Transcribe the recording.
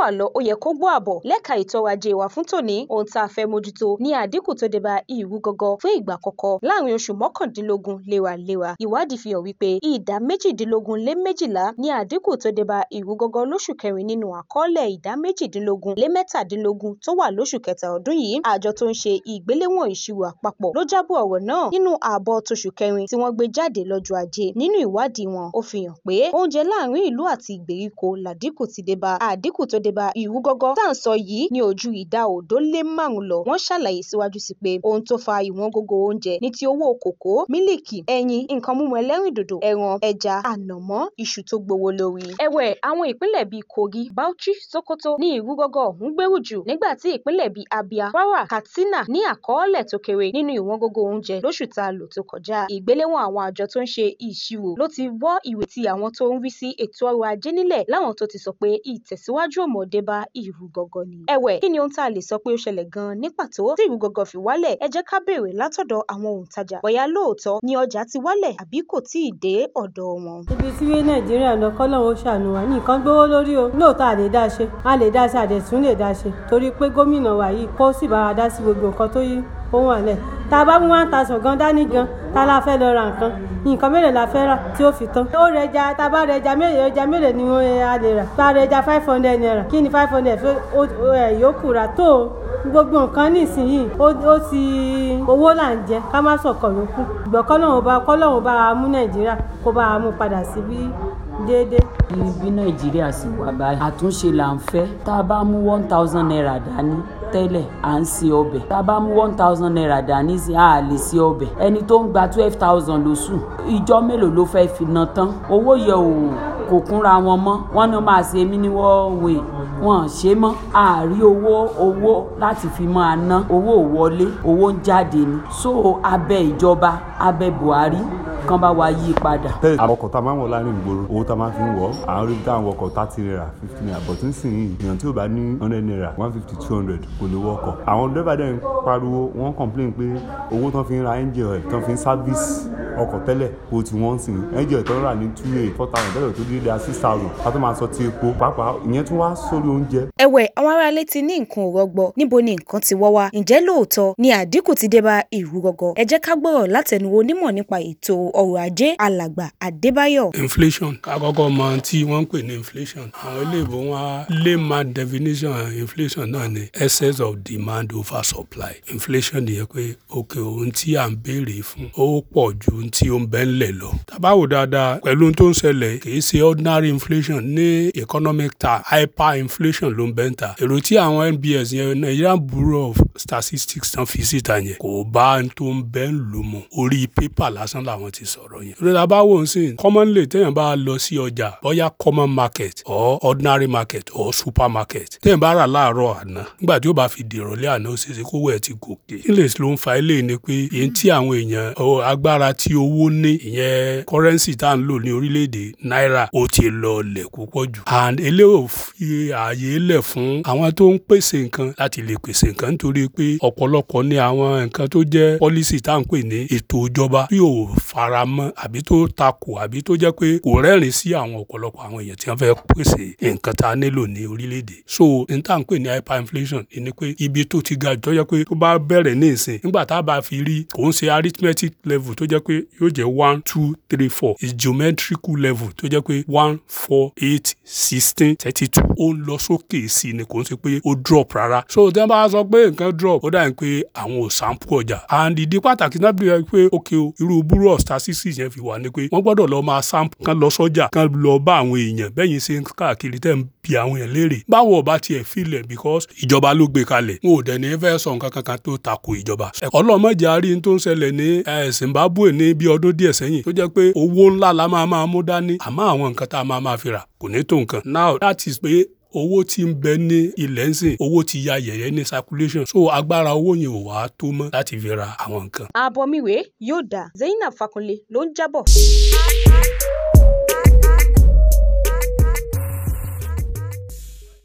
gbọ́ àlọ́ ó yẹ kó gbọ́ àbọ̀ lẹ́ka ètò ajé wa fún tòní ohun tá a fẹ́ mójútó ní àdínkù tó dé bá ìwú gangan fún ìgbà àkọ́kọ́ láàrin oṣù mọ́kàndínlógún léwaléwa ìwádìí fi hàn wípé ìdá méjìdínlógún lé méjìlá ní àdínkù tó dé bá ìwú gangan lóṣù kẹrin nínú àkọọ́lẹ̀ ìdá méjìdínlógún lé mẹ́tàdínlógún tó wà lóṣù kẹta ọdún yìí àjọ tó ń ṣe ìgbéléwọ̀n ìṣirò àpapọ̀ ló jábọ̀ ọ̀rọ̀ náà nínú àbọ̀ tóṣù kẹrin tí wọ́n gbé jáde lọ́jọ́ ajé nínú ìwádìí wọn ó fi hàn pé oúnjẹ láàrin ìlú àti ìgbèríko làdínkù ti dé bá àdínkù tó d ìṣèjọba ìrú gọ́gọ́ tá à ń sọ yìí ní ojú ìdá òdólẹ́márùn lọ. Wọ́n ṣàlàyé síwájú sí pé ohun tó fa ìwọ̀n gógó oúnjẹ ní ti owó kòkó, mílìkì, ẹyin, nǹkan mímu ẹlẹ́rìndòdò, ẹran, ẹja, ànàmọ́, iṣu tó gbówó lórí. Ẹ̀wẹ̀, àwọn ìpínlẹ̀ bíi Kogi, Bauchi, Sokoto ní ìrú gọ́gọ́ ọ̀hún gbèrú jù nígbà tí ìpínlẹ̀ bíi Abia, Kwara, Katsina ní àkọọ́lẹ̀ tó kéré nínú ìwọ̀n gógó oúnjẹ lóṣù tá a lò tó kọjá. Ìgbéléwọ̀n àwọn àjọ tó ń ṣe ìṣirò ló ti wọ́ ìwé ti àwọn tó ń rí sí ètò ọrọ̀ ajé nílẹ̀ láwọn tó ti sọ pé ìtẹ̀síwájú òmò mọ̀ dé gọ́gọ́ ni. ẹ̀wẹ̀ kí ni ohun tá a lè sọ pé ó ṣẹlẹ̀ gan-an ní pàtó tí ìrú gọ́gọ́ fi wálẹ̀ ẹ jẹ́ ká béèrè látọ̀dọ̀ àwọn òǹtajà bóyá lóòótọ́ ni ọjà ti wálẹ̀ àbí kò tí ì dé ọ̀dọ̀ wọn. ibi tí wé nàìjíríà lọ kọ́lọ́hún ṣàánú wa nìkan gbówó lórí o lóòótọ́ à dá ṣe a lè dá ṣe àdẹ̀tún lè dá ṣe torí pé gómìnà wa yìí kó sì bá dá sí gbogbo nǹkan tó yí ó wà tá a bá mú one thousand gan dání gan tá a la fẹ́ lọ ra nǹkan nǹkan mélòó la fẹ́ rà tí ó fi tán. ó rẹja tá a bá rẹja mélòó ẹja mélòó ni a lè rà tá a rẹja five hundred naira kí ni five hundred fẹ́ yòókù rà tó gbogbo nǹkan nísìnyí ó ti owó là ń jẹ ká má sọ̀kọ̀ lókù ìgbọ́ kọ́lọ́hún bá kọ́lọ́hún bá mú nàìjíríà kó bá mú padà sí bí déédéé. bí nàìjíríà sì wà báyìí àtúnṣe là ń fẹ́ tá a bá mú one thousand naira dání tẹ́lẹ̀ à ń ṣe ọbẹ̀ tá a bá mú one thousand naira dání sí a lè ṣe ọbẹ̀ ẹni tó ń gba twelve thousand lóṣù ìjọ mélòó ló fẹ́ fi ná tán owó yẹ ò kò kúnra wọn mọ́ wọ́n ní máa ṣe mí ní wọ́ọ̀wé wọn ṣe mọ́ àárí owó owó láti fi máa ná owó wọlé owó ń jáde ni so abẹ ìjọba abẹ Buhari kán bá wa yí padà. tẹ́lẹ̀ àwọn ọkọ̀ tá a máa ń wọ láàrin ìgboro owó tá a máa fi ń wọ̀ àwọn orí tá à thirty naira fifty naira but nísìnyìí èèyàn tí ò bá ní hundred naira one fifty two hundred kò lè wọkọ̀ àwọn dẹ́fà dẹ́n pariwo wọ́n complain pé owó tán fi ń ra engine oil tán fi ń service ọkọ̀ tẹ́lẹ̀ kó ti wọ́n sìn ẹ́ńjìn tó ń rà ní two eight four thousand tẹ́lẹ̀ tó dídá six thousand ká tó máa sọ ti epo pàápàá ìyẹn tún wá sórí oúnjẹ. ẹ̀wẹ̀ àwọn aráalé ti ní nǹkan ò rọgbọ níbo ni nǹkan ti wọ́ wa ǹjẹ́ lóòótọ́ ni àdínkù ti dé bá ìrú gọ́gọ́ ẹ jẹ́ ká gbọ́rọ̀ látẹnuwò onímọ̀ nípa ètò ọrọ̀ ajé alàgbà Adébáyọ̀. inflation àkọ́kọ́ mọ tí wọ́n ń pè ní inflation àwọn iléèbó wọn á lè máa definition inflation náà ni excess of demand over supply inflation nìyẹn pé òkè ohun tí à ń béèrè fún ó pọ̀ ju ohun tí ó ń bẹ ńlẹ̀ lọ. Tàbá dáadáa pẹ̀lú tó ń ṣẹlẹ̀ kìí ṣe ordinary inflation ní economic ta hyper inflation ló ń bẹ ń ta. Èrò tí àwọn NBS yẹn Nigerian Bureau of Statistics tán fi síta yẹn kò bá ohun tó ń bẹ ń lò mọ̀. Orí pépà lásán làwọn ti sọ̀rọ̀ yẹn. Ìrora bá ń sìn commonly téèyàn bá lọ sí ọjà bóyá common market or ordinary market or supermarket téèyàn bá rà láàárọ̀ àná nígbà tí ó bá fi dìrọ̀lẹ́ àná ó ṣeéṣe kówó ẹ̀ ti gòkè. English ló ń fa eléyìí ni pé èyí tí àwọn èèyàn agbára tí owó ní ìyẹn kọ́rẹ́nsì tá à ń lò ní orílẹ̀-èdè náírà ó ti lọlẹ̀ púpọ̀ jù. and eléyò fi ààyè lẹ̀ fún àwọn tó ń pèsè nǹkan láti lè pèsè nǹkan nítorí pé ọ̀pọ̀lọpọ̀ ni àwọn nǹkan tó jẹ́ pọ́lísì tá à ń pè ní ètò ìjọba tí ò fara mọ́ àbí tó takò àbí tó jẹ́ pé kò rẹ́rìn sí àwọn ọ̀pọ̀lọpọ̀ àwọn èèyàn tí wọ́n fẹ́ pèsè nǹkan tá a nílò ní orílẹ̀-èdè so n tá à ń pè ní hyperinflation ni pé ibi tó ti ga jù tó jẹ́ pé tó bá bẹ̀rẹ̀ ní ìsìn nígbà tá a bá fi rí kò ń ṣe arithmetic level tó jẹ́ pé yóò jẹ́ one two three four is geometrical level tó jẹ́ pé one four eight sixteen thirty two ó ń lọ sókè sí ni kò ń ṣe pé ó drop rárá so tí wọ́n bá sọ pé nǹkan drop ó dàbí pé àwọn ò sàǹpù ọjà and ìdí pàtàkì náà bìrẹ̀ pé òkè o irú búrọ̀ star yẹn fi wà ni pé wọ́n gbọ́dọ̀ lọ máa sàǹpù kan lọ sọ́jà kan lọ bá àwọn èèyàn bẹ́yìn ṣe káàkiri tẹ́ ń bi àwọn yẹn léèrè báwo ọba tiẹ̀ filẹ̀ because ìjọba ló gbé kalẹ̀ wọn ò dẹ̀ ní fẹ́ sọ nǹkan kankan tó tako ìjọba. ọlọ́mọdé àárín tó ń ṣẹlẹ̀ ní eh, Zimbabwe ní bí ọdún díẹ̀ sẹ́yìn tó jẹ́ pé owó ńlá la máa máa mú dání àmọ́ àwọn nǹkan tá a máa máa fi rà kò ní tó nǹkan. now that is pé owó ti ya yẹ̀yẹ́ ní circulation so agbára owó yẹn ò wá tó mọ́ láti fi ra àwọn nǹkan. yóò Zainab Fakunle